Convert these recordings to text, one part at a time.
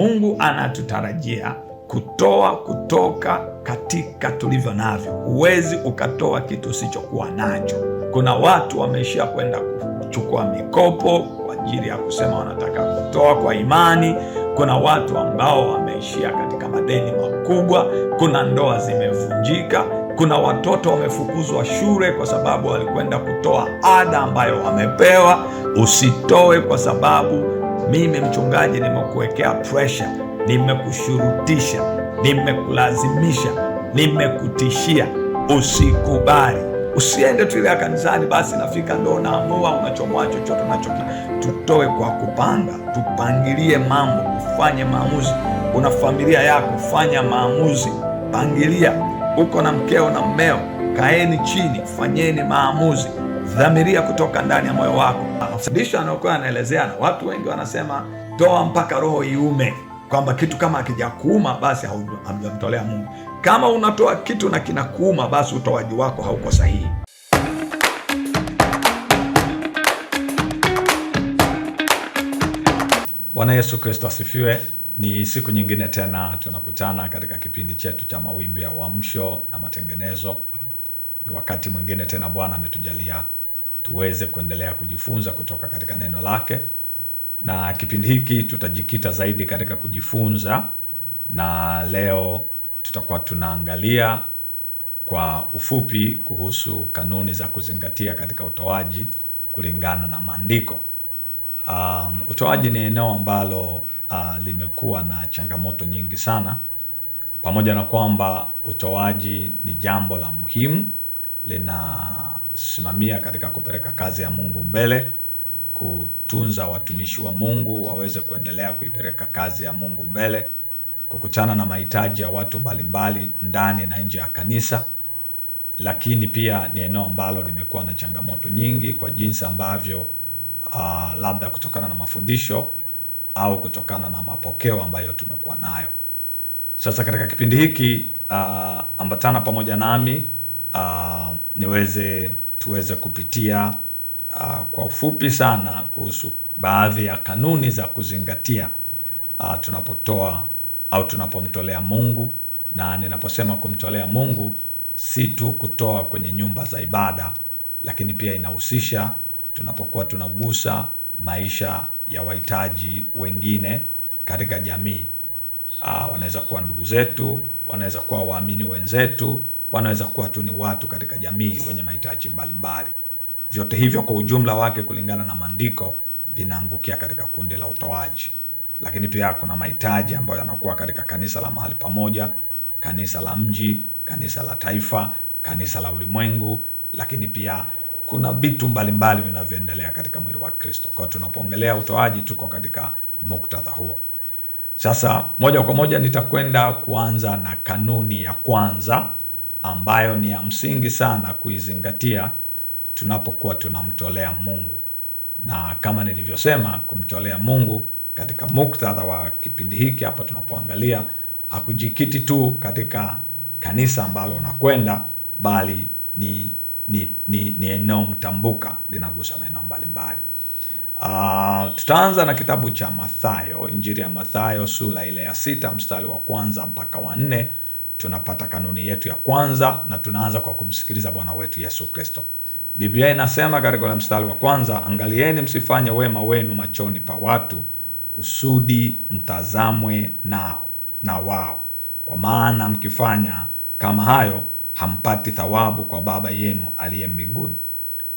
Mungu anatutarajia kutoa kutoka katika tulivyo navyo. Huwezi ukatoa kitu usichokuwa nacho. Kuna watu wameishia kwenda kuchukua mikopo kwa ajili ya kusema wanataka kutoa kwa imani. Kuna watu ambao wameishia katika madeni makubwa. Kuna ndoa zimevunjika. Kuna watoto wamefukuzwa shule kwa sababu walikwenda kutoa ada ambayo wamepewa. Usitoe kwa sababu mimi mchungaji nimekuwekea presha, nimekushurutisha, nimekulazimisha, nimekutishia. Usikubali, usiende tu ile ya kanisani, basi nafika ndo unaamua unachomoa chochote unachoki Tutoe kwa kupanga, tupangilie mambo, ufanye maamuzi. Una familia yako, fanya maamuzi, pangilia. Uko na mkeo na mmeo, kaeni chini, fanyeni maamuzi dhamiria kutoka ndani ya moyo wako. Mafundisho anayokuwa anaelezea na watu wengi wanasema toa mpaka roho iume, kwamba kitu kama akijakuuma basi hamjamtolea Mungu. Kama unatoa kitu na kinakuuma, basi utoaji wako hauko sahihi. Bwana Yesu Kristo asifiwe. Ni siku nyingine tena tunakutana katika kipindi chetu cha mawimbi ya uamsho na matengenezo. Ni wakati mwingine tena Bwana ametujalia tuweze kuendelea kujifunza kutoka katika neno lake, na kipindi hiki tutajikita zaidi katika kujifunza, na leo tutakuwa tunaangalia kwa ufupi kuhusu kanuni za kuzingatia katika utoaji kulingana na maandiko. Um, utoaji ni eneo ambalo uh, limekuwa na changamoto nyingi sana. Pamoja na kwamba utoaji ni jambo la muhimu linasimamia katika kupeleka kazi ya Mungu mbele, kutunza watumishi wa Mungu waweze kuendelea kuipeleka kazi ya Mungu mbele, kukutana na mahitaji ya watu mbalimbali ndani na nje ya kanisa. Lakini pia ni eneo ambalo limekuwa na changamoto nyingi kwa jinsi ambavyo uh, labda kutokana na mafundisho au kutokana na mapokeo ambayo tumekuwa nayo. Sasa katika kipindi hiki uh, ambatana pamoja nami uh, niweze tuweze kupitia uh, kwa ufupi sana kuhusu baadhi ya kanuni za kuzingatia uh, tunapotoa au tunapomtolea Mungu. Na ninaposema kumtolea Mungu, si tu kutoa kwenye nyumba za ibada, lakini pia inahusisha tunapokuwa tunagusa maisha ya wahitaji wengine katika jamii. Uh, wanaweza kuwa ndugu zetu, wanaweza kuwa waamini wenzetu wanaweza kuwa tu ni watu katika jamii wenye mahitaji mbalimbali. Vyote hivyo kwa ujumla wake, kulingana na maandiko, vinaangukia katika kundi la utoaji. Lakini pia kuna mahitaji ambayo yanakuwa katika kanisa la mahali pamoja, kanisa la mji, kanisa la taifa, kanisa la ulimwengu, lakini pia kuna vitu mbalimbali vinavyoendelea katika mwili wa Kristo. Kwa hiyo tunapoongelea utoaji, tuko katika muktadha huo. Sasa moja kwa moja nitakwenda kuanza na kanuni ya kwanza ambayo ni ya msingi sana kuizingatia tunapokuwa tunamtolea Mungu, na kama nilivyosema, kumtolea Mungu katika muktadha wa kipindi hiki hapa tunapoangalia, hakujikiti tu katika kanisa ambalo unakwenda, bali ni ni, ni, ni eneo mtambuka, linagusa maeneo mbalimbali. Uh, tutaanza na kitabu cha Mathayo, injili ya Mathayo sura ile ya sita mstari wa kwanza mpaka wa nne tunapata kanuni yetu ya kwanza, na tunaanza kwa kumsikiliza Bwana wetu Yesu Kristo. Biblia inasema katika ule mstari wa kwanza, angalieni msifanye wema wenu machoni pa watu, kusudi mtazamwe nao na wao, kwa maana mkifanya kama hayo hampati thawabu kwa Baba yenu aliye mbinguni.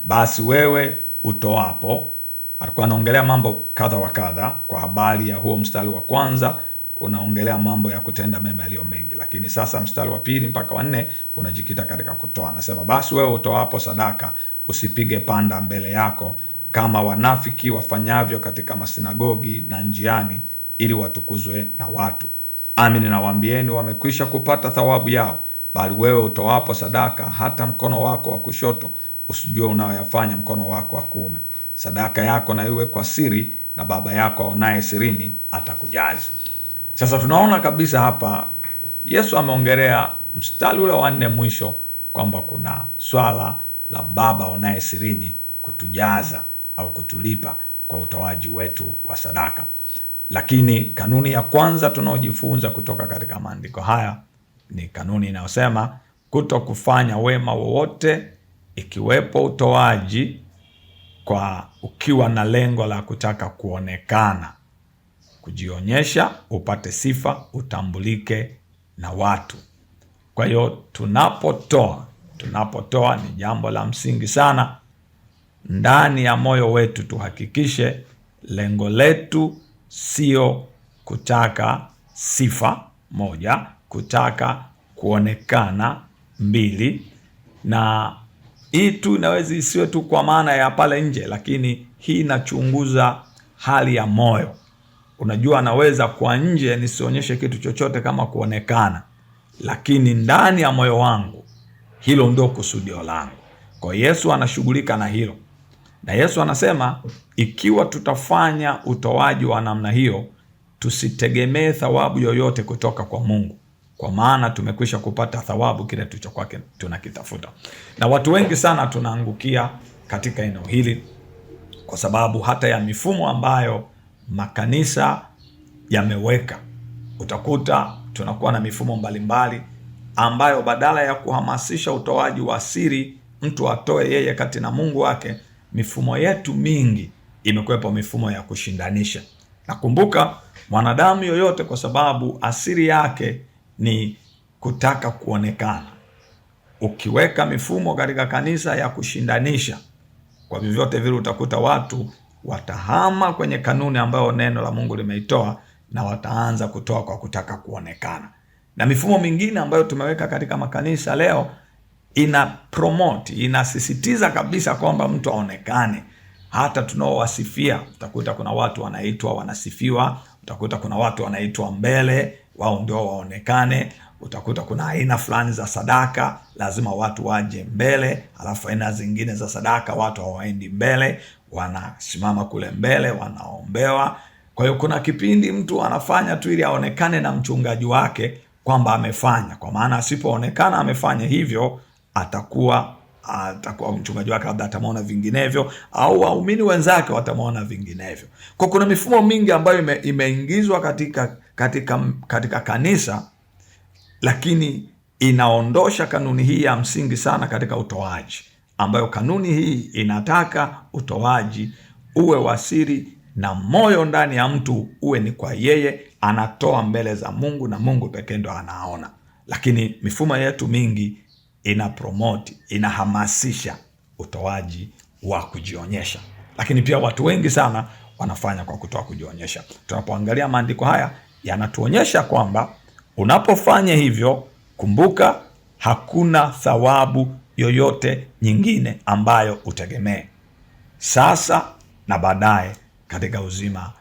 Basi wewe utoapo, alikuwa anaongelea mambo kadha wa kadha kwa habari ya huo mstari wa kwanza unaongelea mambo ya kutenda mema yaliyo mengi, lakini sasa mstari wa pili mpaka wanne unajikita katika kutoa. Anasema, basi wewe utoapo sadaka usipige panda mbele yako kama wanafiki wafanyavyo katika masinagogi na njiani, ili watukuzwe na watu. Amin nawambieni wamekwisha kupata thawabu yao. Bali wewe utoapo sadaka, hata mkono wako wa kushoto usijue unayoyafanya mkono wako wa kuume. Sadaka yako na iwe kwa siri, na Baba yako aonaye sirini atakujazi sasa tunaona kabisa hapa Yesu ameongelea mstari ule wa nne mwisho kwamba kuna swala la Baba unaye sirini kutujaza au kutulipa kwa utoaji wetu wa sadaka. Lakini kanuni ya kwanza tunaojifunza kutoka katika maandiko haya ni kanuni inayosema kuto kufanya wema wowote ikiwepo utoaji kwa ukiwa na lengo la kutaka kuonekana kujionyesha, upate sifa, utambulike na watu. Kwa hiyo tunapotoa, tunapotoa ni jambo la msingi sana ndani ya moyo wetu, tuhakikishe lengo letu sio kutaka sifa moja, kutaka kuonekana mbili, na hii tu inaweza isiwe tu kwa maana ya pale nje, lakini hii inachunguza hali ya moyo. Unajua, anaweza kwa nje nisionyeshe kitu chochote kama kuonekana, lakini ndani ya moyo wangu, hilo ndio kusudio langu. Kwa Yesu anashughulika na hilo, na Yesu anasema ikiwa tutafanya utoaji wa namna hiyo, tusitegemee thawabu yoyote kutoka kwa Mungu, kwa maana tumekwisha kupata thawabu kile tucho kwake tunakitafuta. Na watu wengi sana tunaangukia katika eneo hili kwa sababu hata ya mifumo ambayo makanisa yameweka. Utakuta tunakuwa na mifumo mbalimbali ambayo badala ya kuhamasisha utoaji wa siri, mtu atoe yeye kati na Mungu wake, mifumo yetu mingi imekuwepo mifumo ya kushindanisha. Nakumbuka mwanadamu yoyote, kwa sababu asili yake ni kutaka kuonekana. Ukiweka mifumo katika kanisa ya kushindanisha, kwa vyovyote vile utakuta watu watahama kwenye kanuni ambayo neno la Mungu limeitoa na wataanza kutoa kwa kutaka kuonekana. Na mifumo mingine ambayo tumeweka katika makanisa leo ina promote, inasisitiza kabisa kwamba mtu aonekane. Hata tunaowasifia utakuta kuna watu wanaitwa wanasifiwa, utakuta kuna watu wanaitwa mbele, wao ndio waonekane. Utakuta kuna aina fulani za sadaka lazima watu waje mbele, alafu aina zingine za sadaka watu hawaendi mbele wanasimama kule mbele wanaombewa. Kwa hiyo kuna kipindi mtu anafanya tu ili aonekane na mchungaji wake kwamba amefanya, kwa maana asipoonekana amefanya hivyo atakuwa atakuwa mchungaji wake labda atamwona vinginevyo, au waumini wenzake watamwona vinginevyo. Kwa kuna mifumo mingi ambayo imeingizwa katika, katika, katika kanisa, lakini inaondosha kanuni hii ya msingi sana katika utoaji ambayo kanuni hii inataka utoaji uwe wa siri na moyo ndani ya mtu uwe ni kwa yeye anatoa mbele za Mungu na Mungu pekee ndo anaona. Lakini mifumo yetu mingi ina promote, inahamasisha utoaji wa kujionyesha, lakini pia watu wengi sana wanafanya kwa kutoa kujionyesha. Tunapoangalia maandiko haya yanatuonyesha kwamba unapofanya hivyo, kumbuka hakuna thawabu yoyote nyingine ambayo utegemee sasa na baadaye katika uzima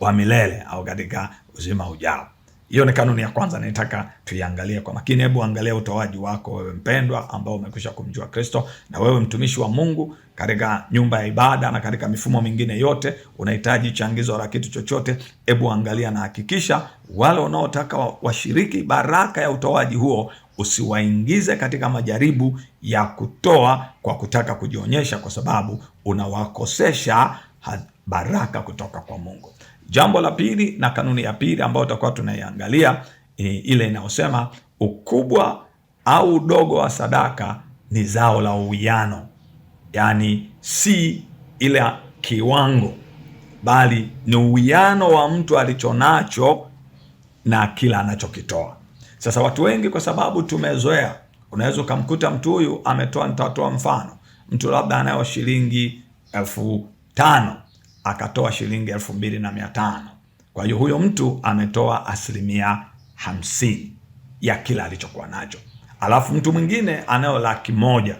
wa milele au katika uzima ujao. Hiyo ni kanuni ya kwanza, nataka tuiangalie kwa makini. Hebu angalia utoaji wako wewe mpendwa, ambao umekwisha kumjua Kristo, na wewe mtumishi wa Mungu katika nyumba ya ibada na katika mifumo mingine yote, unahitaji changizo la kitu chochote. Hebu angalia na hakikisha wale unaotaka washiriki baraka ya utoaji huo usiwaingize katika majaribu ya kutoa kwa kutaka kujionyesha, kwa sababu unawakosesha baraka kutoka kwa Mungu. Jambo la pili na kanuni ya pili ambayo tutakuwa tunaiangalia e, ile inayosema ukubwa au udogo wa sadaka ni zao la uwiano, yaani si ile kiwango, bali ni uwiano wa mtu alichonacho na kila anachokitoa. Sasa watu wengi, kwa sababu tumezoea, unaweza ukamkuta mtu huyu ametoa, nitatoa mfano, mtu labda anayo shilingi elfu tano akatoa shilingi elfu mbili na mia tano. Kwa hiyo huyo mtu ametoa asilimia hamsini ya kila alichokuwa nacho. Alafu mtu mwingine anayo laki moja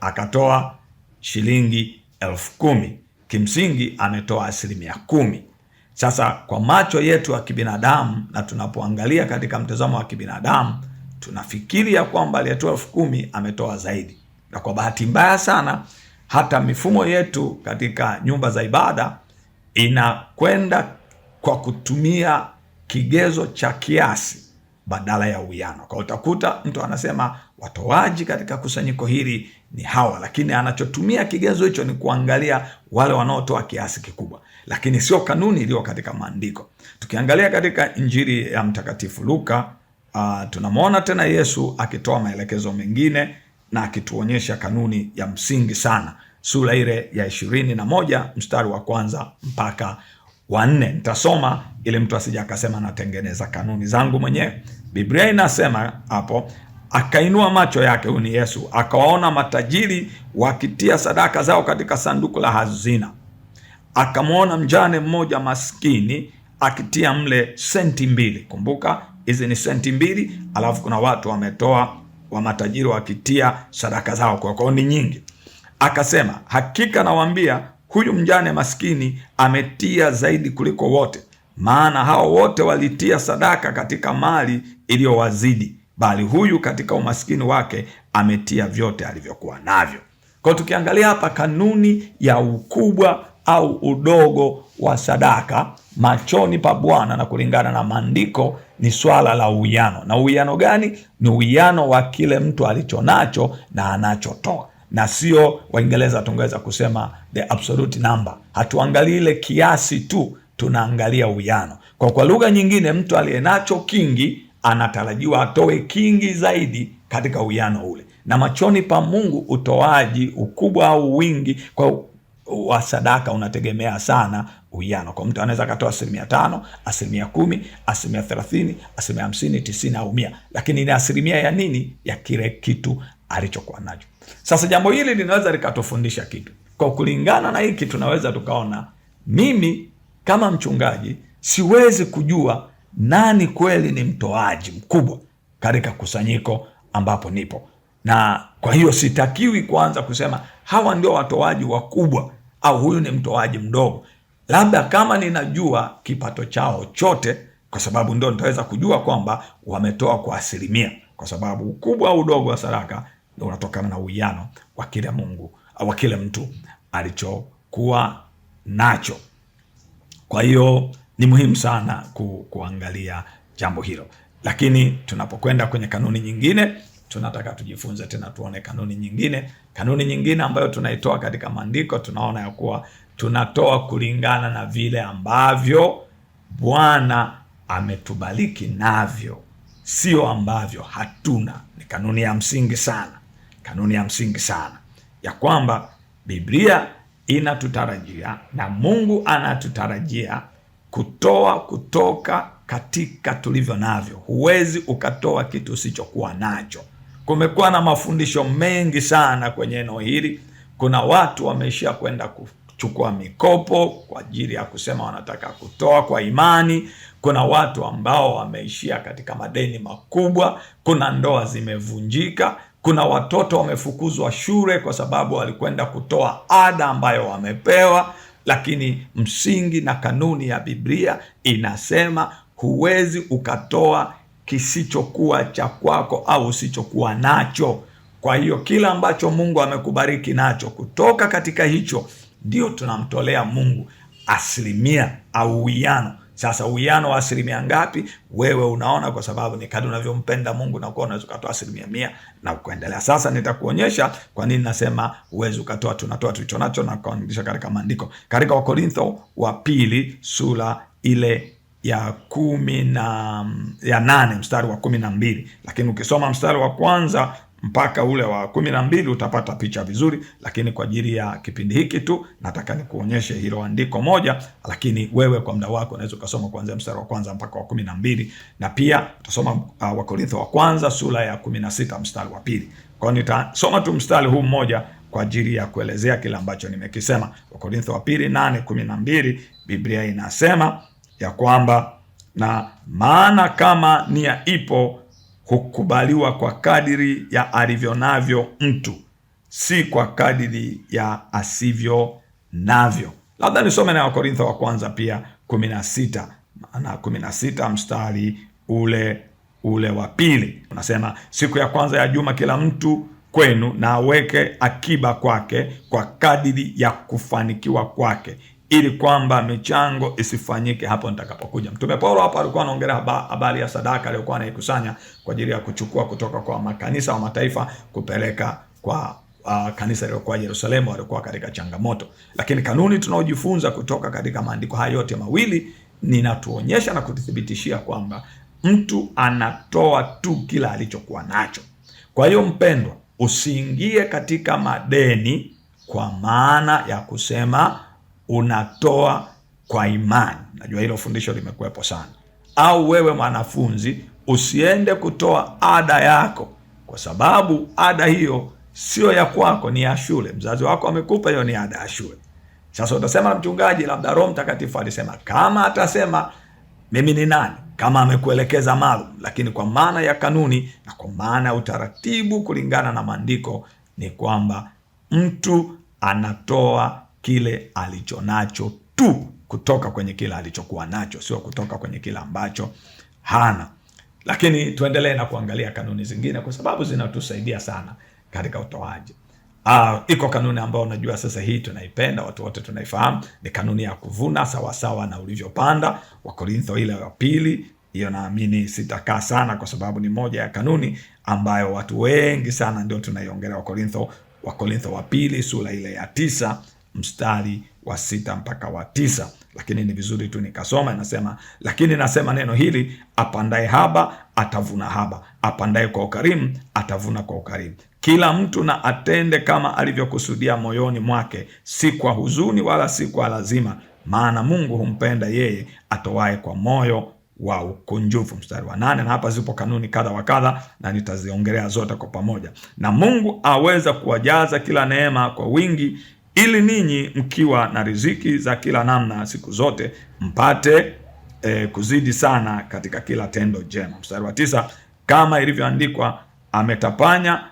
akatoa shilingi elfu kumi kimsingi ametoa asilimia kumi. Sasa kwa macho yetu ya kibinadamu na tunapoangalia katika mtazamo wa kibinadamu tunafikiri ya kwamba aliyetoa elfu kumi ametoa zaidi, na kwa bahati mbaya sana hata mifumo yetu katika nyumba za ibada inakwenda kwa kutumia kigezo cha kiasi badala ya uwiano. Kwa utakuta mtu anasema watoaji katika kusanyiko hili ni hawa, lakini anachotumia kigezo hicho ni kuangalia wale wanaotoa kiasi kikubwa, lakini sio kanuni iliyo katika maandiko. Tukiangalia katika Injili ya Mtakatifu Luka, uh, tunamwona tena Yesu akitoa maelekezo mengine na akituonyesha kanuni ya msingi sana, sura ile ya ishirini na moja mstari wa kwanza mpaka wa nne. Nitasoma ili mtu asija akasema natengeneza kanuni zangu mwenyewe. Biblia inasema hapo, akainua macho yake, huyu ni Yesu, akawaona matajiri wakitia sadaka zao katika sanduku la hazina, akamwona mjane mmoja maskini akitia mle senti mbili. Kumbuka hizi ni senti mbili, alafu kuna watu wametoa wa matajiri wakitia sadaka zao kwa kwao ni nyingi. Akasema, hakika nawaambia, huyu mjane maskini ametia zaidi kuliko wote, maana hao wote walitia sadaka katika mali iliyowazidi, bali huyu katika umaskini wake ametia vyote alivyokuwa navyo. Kwa tukiangalia hapa kanuni ya ukubwa au udogo wa sadaka machoni pa Bwana na kulingana na maandiko ni swala la uwiano. Na uwiano gani? Ni uwiano wa kile mtu alichonacho na anachotoa, na sio, Waingereza tungeweza kusema the absolute number. Hatuangalii ile kiasi tu, tunaangalia uwiano. Kwa kwa lugha nyingine, mtu aliyenacho kingi anatarajiwa atoe kingi zaidi katika uwiano ule, na machoni pa Mungu utoaji ukubwa au wingi kwa wa sadaka unategemea sana uwiano. Kwa mtu anaweza akatoa asilimia tano, asilimia kumi, asilimia thelathini, asilimia hamsini, tisini au mia, lakini ni asilimia ya nini? Ya kile kitu alichokuwa nacho. Sasa jambo hili linaweza likatufundisha kitu. Kwa kulingana na hiki, tunaweza tukaona, mimi kama mchungaji siwezi kujua nani kweli ni mtoaji mkubwa katika kusanyiko ambapo nipo, na kwa hiyo sitakiwi kuanza kusema hawa ndio watoaji wakubwa, au huyu ni mtoaji mdogo, labda kama ninajua kipato chao chote, kwa sababu ndio nitaweza kujua kwamba wametoa kwa asilimia, kwa sababu ukubwa au udogo wa sadaka unatokana na uwiano wa kile Mungu wa kile mtu alichokuwa nacho. Kwa hiyo ni muhimu sana ku, kuangalia jambo hilo, lakini tunapokwenda kwenye kanuni nyingine tunataka tujifunze tena, tuone kanuni nyingine. Kanuni nyingine ambayo tunaitoa katika maandiko, tunaona ya kuwa tunatoa kulingana na vile ambavyo Bwana ametubariki navyo, sio ambavyo hatuna. Ni kanuni ya msingi sana, kanuni ya msingi sana ya kwamba Biblia inatutarajia na Mungu anatutarajia kutoa kutoka katika tulivyo navyo. Huwezi ukatoa kitu usichokuwa nacho. Kumekuwa na mafundisho mengi sana kwenye eneo hili. Kuna watu wameishia kwenda kuchukua mikopo kwa ajili ya kusema wanataka kutoa kwa imani. Kuna watu ambao wameishia katika madeni makubwa. Kuna ndoa zimevunjika. Kuna watoto wamefukuzwa shule kwa sababu walikwenda kutoa ada ambayo wamepewa. Lakini msingi na kanuni ya Biblia inasema huwezi ukatoa kisichokuwa cha kwako au usichokuwa nacho. Kwa hiyo kila ambacho Mungu amekubariki nacho, kutoka katika hicho ndio tunamtolea Mungu asilimia au uwiano. Sasa uwiano wa asilimia ngapi? Wewe unaona, kwa sababu ni kadri unavyompenda Mungu na kuwa unaweza ukatoa asilimia mia na kuendelea. Sasa nitakuonyesha kwa nini nasema uwezi ukatoa, tunatoa tulicho nacho na kuandisha katika maandiko, katika Wakorintho wa pili sura ile ya kumi na ya nane mstari wa kumi na mbili lakini ukisoma mstari wa kwanza mpaka ule wa kumi na mbili utapata picha vizuri, lakini kwa ajili ya kipindi hiki tu nataka nikuonyeshe hilo andiko moja, lakini wewe kwa muda wako unaweza ukasoma kuanzia mstari wa kwanza mpaka wa kumi na mbili na pia utasoma uh, Wakorintho wa kwanza sura ya kumi na sita mstari wa pili. kwao nitasoma tu mstari huu mmoja kwa ajili ya kuelezea kile ambacho nimekisema. Wakorintho wa pili nane kumi na mbili Biblia inasema ya kwamba na maana kama nia ipo hukubaliwa kwa kadiri ya alivyo navyo mtu, si kwa kadiri ya asivyo navyo. Labda nisome na Wakorintho wa kwanza pia 16 na sita mstari ule ule wa pili unasema, siku ya kwanza ya juma kila mtu kwenu na aweke akiba kwake kwa kadiri ya kufanikiwa kwake, ili kwamba michango isifanyike hapo nitakapokuja. Mtume Paulo hapa alikuwa anaongelea habari ya sadaka aliyokuwa anaikusanya kwa ajili ya kuchukua kutoka kwa makanisa wa mataifa kupeleka kwa uh, kanisa lililokuwa Yerusalemu, walikuwa katika changamoto. Lakini kanuni tunaojifunza kutoka katika maandiko haya yote mawili ninatuonyesha na kututhibitishia kwamba mtu anatoa tu kila alichokuwa nacho. Kwa hiyo mpendwa, usiingie katika madeni kwa maana ya kusema unatoa kwa imani. Najua hilo fundisho limekuwepo sana. Au wewe mwanafunzi usiende kutoa ada yako, kwa sababu ada hiyo sio ya kwako, ni ya shule. Mzazi wako amekupa hiyo, ni ada ya shule. Sasa utasema mchungaji, labda Roho Mtakatifu alisema. Kama atasema mimi ni nani, kama amekuelekeza maalum, lakini kwa maana ya kanuni na kwa maana ya utaratibu kulingana na maandiko ni kwamba mtu anatoa kile alichonacho tu, kutoka kwenye kile alichokuwa nacho, sio kutoka kwenye kile ambacho hana. Lakini tuendelee na kuangalia kanuni zingine, kwa sababu zinatusaidia sana katika utoaji. Uh, iko kanuni ambayo unajua sasa, hii tunaipenda, watu wote tunaifahamu, ni kanuni ya kuvuna sawasawa na ulivyopanda. Wakorintho ile ya pili hiyo, naamini sitakaa sana, kwa sababu ni moja ya kanuni ambayo watu wengi sana ndio tunaiongelea. Wakorintho Wakorintho wa pili sura ile ya tisa mstari wa sita mpaka wa tisa lakini ni vizuri tu nikasoma. Inasema, lakini nasema neno hili, apandaye haba atavuna haba, apandaye kwa ukarimu atavuna kwa ukarimu. Kila mtu na atende kama alivyokusudia moyoni mwake, si kwa huzuni wala si kwa lazima, maana Mungu humpenda yeye atoaye kwa moyo wa ukunjufu. Mstari wa nane. Na hapa zipo kanuni kadha wa kadha, na nitaziongelea zote kwa pamoja. Na Mungu aweza kuwajaza kila neema kwa wingi ili ninyi mkiwa na riziki za kila namna siku zote mpate e, kuzidi sana katika kila tendo jema. Mstari wa tisa, kama ilivyoandikwa, ametapanya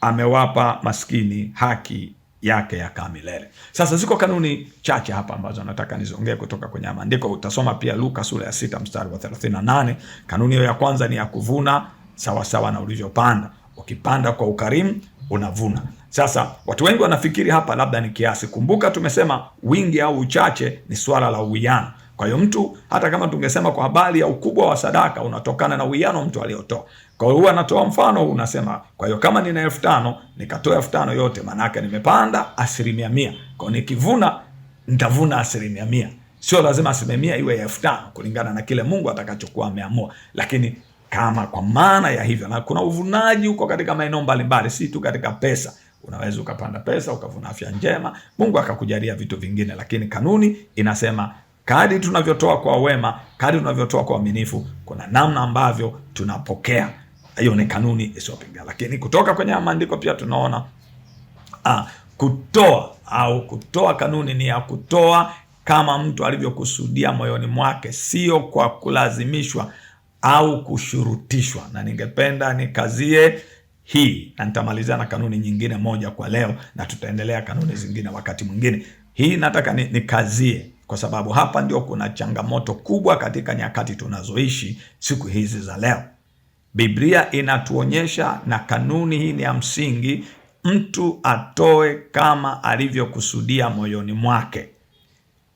amewapa maskini haki yake ya milele. Sasa ziko kanuni chache hapa ambazo nataka niziongee kutoka kwenye maandiko. Utasoma pia Luka sura ya sita mstari wa 38. Kanuni hiyo ya kwanza ni ya kuvuna sawasawa na ulivyopanda. Ukipanda kwa ukarimu unavuna. Sasa watu wengi wanafikiri hapa labda ni kiasi. Kumbuka tumesema wingi au uchache ni swala la uwiano. Kwa hiyo mtu hata kama tungesema kwa habari ya ukubwa wa sadaka unatokana na uwiano mtu aliyotoa. Kwa hiyo huwa anatoa mfano, huu, unasema kwa hiyo kama nina elfu tano nikatoa elfu tano yote, maanake nimepanda asilimia mia. Kwa hiyo nikivuna nitavuna asilimia mia. Sio lazima asilimia iwe ya elfu tano kulingana na kile Mungu atakachokuwa ameamua, lakini kama kwa maana ya hivyo, na kuna uvunaji huko katika maeneo mbalimbali, si tu katika pesa. Unaweza ukapanda pesa ukavuna afya njema, Mungu akakujalia vitu vingine, lakini kanuni inasema kadi tunavyotoa kwa wema, kadi tunavyotoa kwa uaminifu, kuna namna ambavyo tunapokea. Hiyo ni kanuni isiyopinga. Lakini kutoka kwenye maandiko pia tunaona ah, kutoa au kutoa, kanuni ni ya kutoa kama mtu alivyokusudia moyoni mwake, sio kwa kulazimishwa au kushurutishwa. Na ningependa nikazie hii, na nitamalizia na kanuni nyingine moja kwa leo, na tutaendelea kanuni zingine wakati mwingine. Hii nataka nikazie ni kwa sababu hapa ndio kuna changamoto kubwa katika nyakati tunazoishi siku hizi za leo. Biblia inatuonyesha na kanuni hii ni ya msingi, mtu atoe kama alivyokusudia moyoni mwake.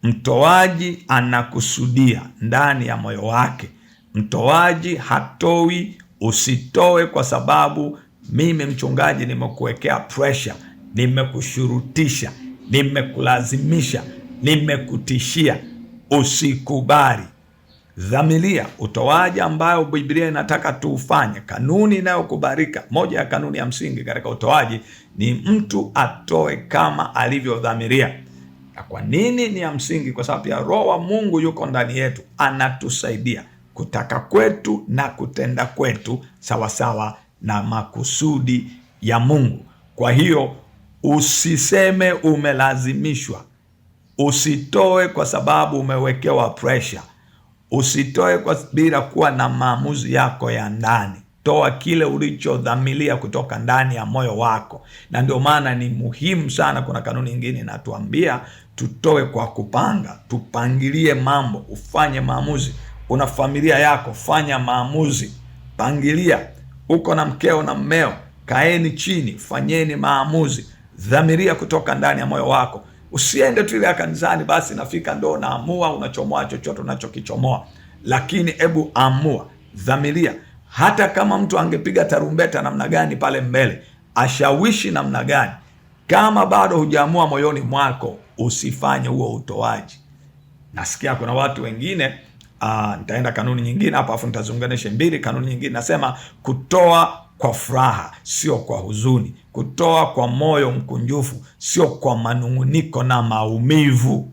Mtoaji anakusudia ndani ya moyo wake. Mtoaji hatowi. Usitoe kwa sababu mimi mchungaji nimekuwekea pressure, nimekushurutisha, nimekulazimisha, nimekutishia. Usikubali. Dhamiria utoaji ambayo Biblia inataka tuufanye. Kanuni inayokubalika, moja ya kanuni ya msingi katika utoaji ni mtu atoe kama alivyodhamiria. Na kwa nini ni ya msingi? Kwa sababu ya Roho wa Mungu yuko ndani yetu, anatusaidia kutaka kwetu na kutenda kwetu sawasawa na makusudi ya Mungu. Kwa hiyo usiseme umelazimishwa, usitoe kwa sababu umewekewa pressure, usitoe kwa bila kuwa na maamuzi yako ya ndani. Toa kile ulichodhamilia kutoka ndani ya moyo wako, na ndio maana ni muhimu sana. Kuna kanuni nyingine inatuambia tutoe kwa kupanga, tupangilie mambo, ufanye maamuzi. Una familia yako, fanya maamuzi, pangilia uko na mkeo na mmeo, kaeni chini, fanyeni maamuzi, dhamiria kutoka ndani ya moyo wako. Usiende tu ile ya kanisani, basi nafika ndo naamua unachomoa chochote unachokichomoa, lakini ebu amua, dhamiria. Hata kama mtu angepiga tarumbeta namna gani pale mbele, ashawishi namna gani, kama bado hujaamua moyoni mwako, usifanye huo utoaji. Nasikia kuna watu wengine Uh, nitaenda kanuni nyingine hapa afu nitaziunganisha mbili. Kanuni nyingine nasema kutoa kwa furaha, sio kwa huzuni, kutoa kwa moyo mkunjufu, sio kwa manung'uniko na maumivu.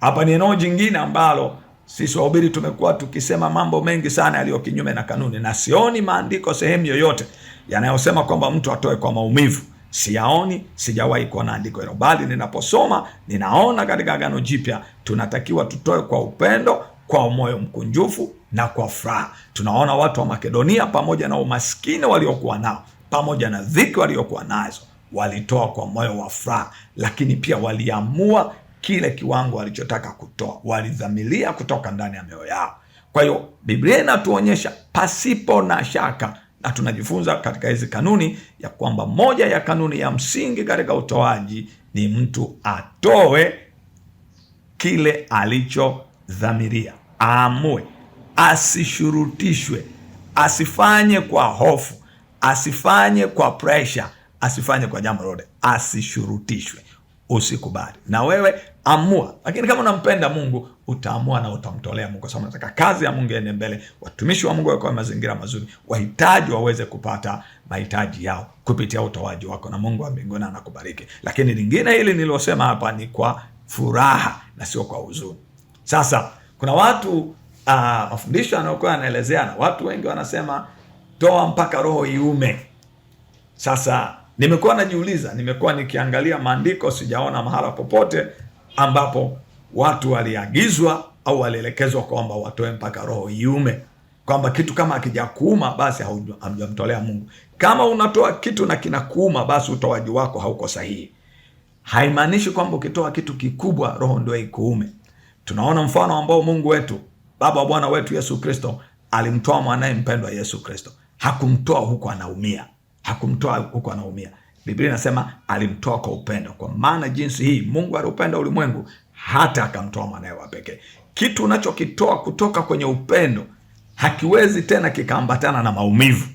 Hapa ni eneo jingine ambalo sisi wahubiri tumekuwa tukisema mambo mengi sana yaliyo kinyume na kanuni, na sioni maandiko sehemu yoyote yanayosema kwamba mtu atoe kwa maumivu. Siyaoni, sijawahi kuona andiko hilo, bali ninaposoma ninaona katika Agano Jipya tunatakiwa tutoe kwa upendo kwa moyo mkunjufu na kwa furaha. Tunaona watu wa Makedonia, pamoja na umaskini waliokuwa nao, pamoja na dhiki waliokuwa nazo, walitoa kwa moyo wa furaha, lakini pia waliamua kile kiwango walichotaka kutoa, walidhamilia kutoka ndani ya mioyo yao. Kwa hiyo Biblia inatuonyesha pasipo na shaka, na tunajifunza katika hizi kanuni ya kwamba moja ya kanuni ya msingi katika utoaji ni mtu atoe kile alichodhamiria aamue, asishurutishwe, asifanye kwa hofu, asifanye kwa presha, asifanye kwa jambo lolote, asishurutishwe. Usikubali na wewe amua, lakini kama unampenda Mungu utaamua na utamtolea Mungu, kwa sababu nataka kazi ya Mungu iende mbele, watumishi wa Mungu wakawa mazingira mazuri, wahitaji waweze kupata mahitaji yao kupitia utoaji wako, na Mungu wa mbinguni anakubariki. Lakini lingine hili nililosema hapa ni kwa furaha na sio kwa huzuni. Sasa kuna watu uh, mafundisho yanayokuwa yanaelezea na watu wengi wanasema toa mpaka roho iume. Sasa nimekuwa najiuliza, nimekuwa nikiangalia maandiko, sijaona mahala popote ambapo watu waliagizwa au walielekezwa kwamba watoe mpaka roho iume, kwamba kitu kama hakijakuuma basi hamjamtolea Mungu. Kama unatoa kitu na kinakuuma, basi utoaji wako hauko sahihi. Haimaanishi kwamba ukitoa kitu kikubwa roho ndio ikuume. Tunaona mfano ambao Mungu wetu Baba wa Bwana wetu Yesu Kristo alimtoa mwanaye mpendwa Yesu Kristo. Hakumtoa huku anaumia, hakumtoa huku anaumia. Biblia inasema alimtoa kwa upendo, kwa maana jinsi hii Mungu aliupenda ulimwengu hata akamtoa mwanaye wa pekee. Kitu unachokitoa kutoka kwenye upendo hakiwezi tena kikaambatana na maumivu.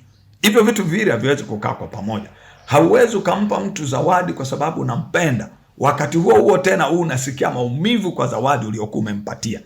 Hivyo vitu viwili haviwezi kukaa kwa pamoja. Hauwezi ukampa mtu zawadi kwa sababu unampenda Wakati huo huo tena huu unasikia maumivu kwa zawadi uliokuwa umempatia.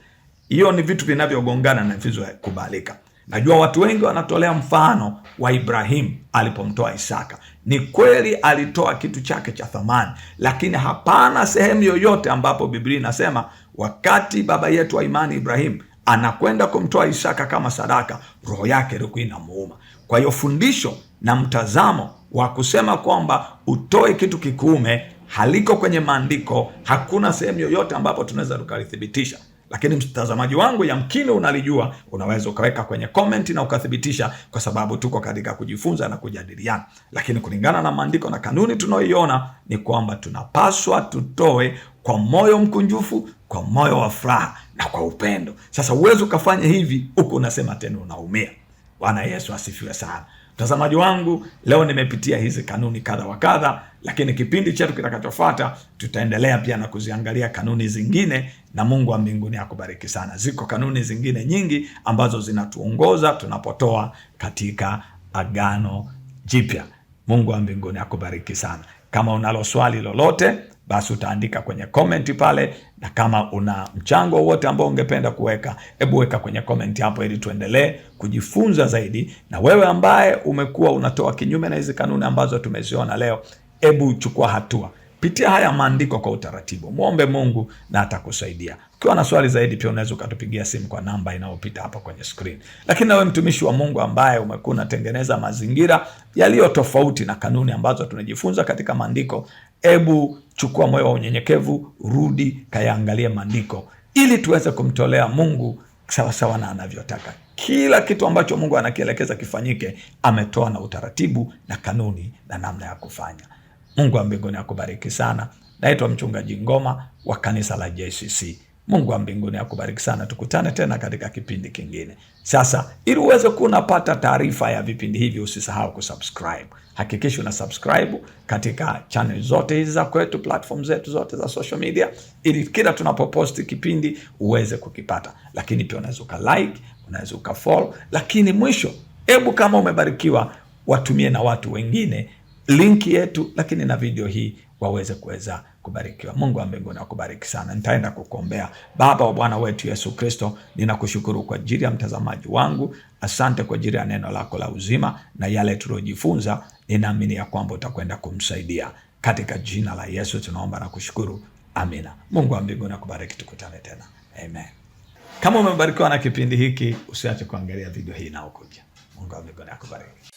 Hiyo ni vitu vinavyogongana na visivyokubalika. Najua watu wengi wanatolea mfano wa Ibrahimu alipomtoa Isaka. Ni kweli alitoa kitu chake cha thamani, lakini hapana sehemu yoyote ambapo Biblia inasema wakati baba yetu wa imani Ibrahimu anakwenda kumtoa Isaka kama sadaka, roho yake ilikuwa inamuuma. Kwa hiyo fundisho na mtazamo wa kusema kwamba utoe kitu kikuume haliko kwenye maandiko, hakuna sehemu yoyote ambapo tunaweza tukalithibitisha. Lakini mtazamaji wangu, yamkini unalijua, unaweza ukaweka kwenye komenti na ukathibitisha, kwa sababu tuko katika kujifunza na kujadiliana. Lakini kulingana na maandiko na kanuni tunayoiona ni kwamba tunapaswa tutoe kwa moyo mkunjufu, kwa moyo wa furaha na kwa upendo. Sasa huwezi ukafanya hivi huku unasema tena unaumia. Bwana Yesu asifiwe sana. Mtazamaji wangu, leo nimepitia hizi kanuni kadha wa kadha, lakini kipindi chetu kitakachofuata tutaendelea pia na kuziangalia kanuni zingine, na Mungu wa mbinguni akubariki sana. Ziko kanuni zingine nyingi ambazo zinatuongoza tunapotoa katika Agano Jipya. Mungu wa mbinguni akubariki sana. Kama unalo swali lolote basi utaandika kwenye komenti pale, na kama una mchango wote ambao ungependa kuweka, hebu weka kwenye komenti hapo, ili tuendelee kujifunza zaidi. Na wewe ambaye umekuwa unatoa kinyume na hizi kanuni ambazo tumeziona leo, hebu chukua hatua, pitia haya maandiko kwa utaratibu, mwombe Mungu na atakusaidia. Ukiwa na swali zaidi, pia unaweza ukatupigia simu kwa namba inayopita hapa kwenye skrini. Lakini nawe mtumishi wa Mungu ambaye umekuwa unatengeneza mazingira yaliyo tofauti na kanuni ambazo tunajifunza katika maandiko, Ebu chukua moyo wa unyenyekevu, rudi kayaangalie maandiko ili tuweze kumtolea Mungu sawasawa na anavyotaka. Kila kitu ambacho Mungu anakielekeza kifanyike, ametoa na utaratibu na kanuni na namna ya kufanya. Mungu wa mbinguni akubariki sana. Naitwa Mchungaji Ngoma wa kanisa la JCC. Mungu wa mbinguni akubariki sana. Tukutane tena katika kipindi kingine. Sasa, ili uweze kuwa unapata taarifa ya vipindi hivi, usisahau kusubscribe hakikisha una subscribe katika channel zote hizi za kwetu, platform zetu zote za social media, ili kila tunapoposti kipindi uweze kukipata. Lakini pia unaweza uka like, unaweza uka follow, lakini mwisho, hebu kama umebarikiwa, watumie na watu wengine linki yetu, lakini na video hii waweze kuweza kubarikiwa. Mungu wa mbingu nakubariki sana, nitaenda kukuombea. Baba wa Bwana wetu Yesu Kristo, ninakushukuru kwa ajili ya mtazamaji wangu. Asante kwa ajili ya neno lako la uzima na yale tuliojifunza, ninaamini ya kwamba utakwenda kumsaidia. Katika jina la Yesu tunaomba na kushukuru, amina. Mungu wa mbingu nakubariki, tukutane tena, amen. Kama umebarikiwa na kipindi hiki, usiache kuangalia video hii inayokuja. Mungu wa mbinguni akubariki.